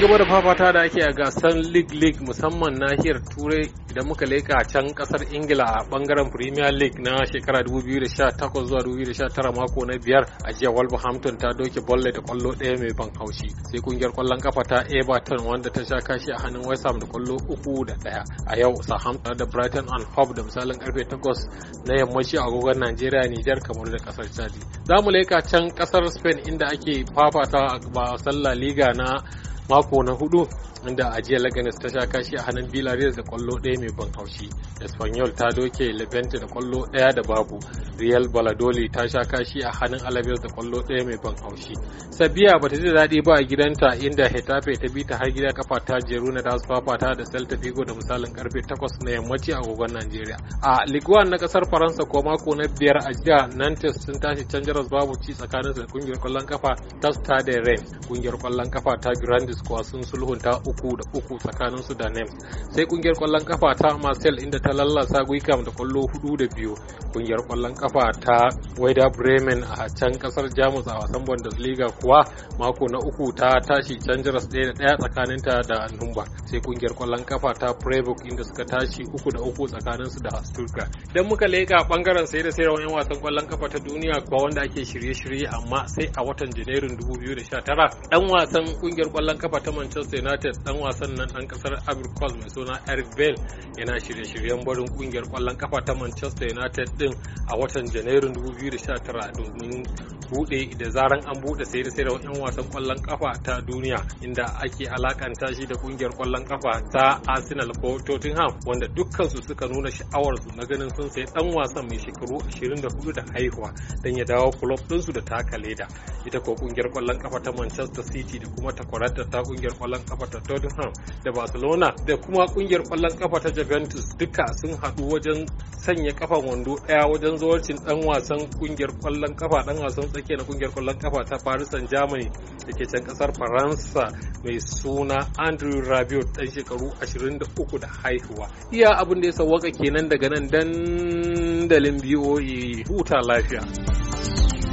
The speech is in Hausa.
gaba da fafata da ake a gasar league league musamman nahiyar turai idan muka leka can kasar ingila a bangaren premier league na shekara 2018 zuwa 2019 mako na biyar a jiya wolverhampton ta doke bolle da kwallo daya mai ban haushi sai kungiyar kwallon kafa ta everton wanda ta sha kashi a hannun west ham da kwallo uku da ɗaya a yau southampton da brighton and hove da misalin karfe takwas na yammaci a agogon najeriya nijar kamar da kasar chadi za mu leka can kasar spain inda ake fafata a wasan la liga na mako na hudu inda jiya, laganes ta sha kashi a hannun villarreal da kwallo ɗaya mai ban haushi espanyol ta doke levante da kwallo ɗaya da babu real baladoli ta sha kashi a hannun alaves da kwallo ɗaya mai ban haushi sabiya ba ta ji daɗi ba a gidanta inda hetafe ta bi ta har gida kafa ta jeruna da fafata da celta vigo da misalin karfe takwas na yammaci a gogon najeriya a ligue na kasar faransa ko mako na biyar a jiya nantes sun tashi can jaras babu ci tsakaninsu da kungiyar kwallon kafa ta stade rennes ƙungiyar kwallon kafa ta grandis kuwa sun sulhunta uku da uku tsakanin su da nem sai kungiyar kwallon kafa ta marcel inda ta lallasa guikam da kwallo hudu da biyu kungiyar kwallon kafa ta waida bremen a can kasar jamus a wasan bundesliga kuwa mako na uku ta tashi can jaras ɗaya da ɗaya tsakaninta da numba sai kungiyar kwallon kafa ta Freiburg inda suka tashi uku da uku tsakanin su da Stuttgart dan muka leka bangaren sai da sayarwa yan wasan kwallon kafa ta duniya ba wanda ake shirye-shirye amma sai a watan Janairun 2019 dan wasan kungiyar kwallon kafa ta Manchester United dan wasan nan dan kasar Ivory mai suna Eric Bell yana shirye-shiryen barin kungiyar kwallon kafa ta Manchester United din a watan Janairun 2019 domin buɗe da zaran an buɗe sai da sayar yan wasan kwallon kafa ta duniya inda ake alakanta shi da kungiyar kwallon kafa ta Arsenal ko Tottenham wanda dukkan suka nuna sha'awar su na ganin sun sayi ɗan wasan mai shekaru 24 da haihuwa dan ya dawo club din su da taka leda ita ko kungiyar kwallon kafa ta Manchester City da kuma takwarata ta kungiyar kwallon kafa ta Tottenham da Barcelona da kuma kungiyar kwallon kafa ta Juventus duka sun haɗu wajen sanya kafan wando ɗaya wajen zawarcin ɗan wasan kungiyar kwallon kafa dan wasan tsakiya na kungiyar kwallon kafa ta Paris Saint-Germain da ke can kasar Faransa mai suna Andrew Rabiot dan shekaru 23 da haihuwa. Iya abin da ya sauwaka kenan daga nan dandalin biyoyi e. huta lafiya.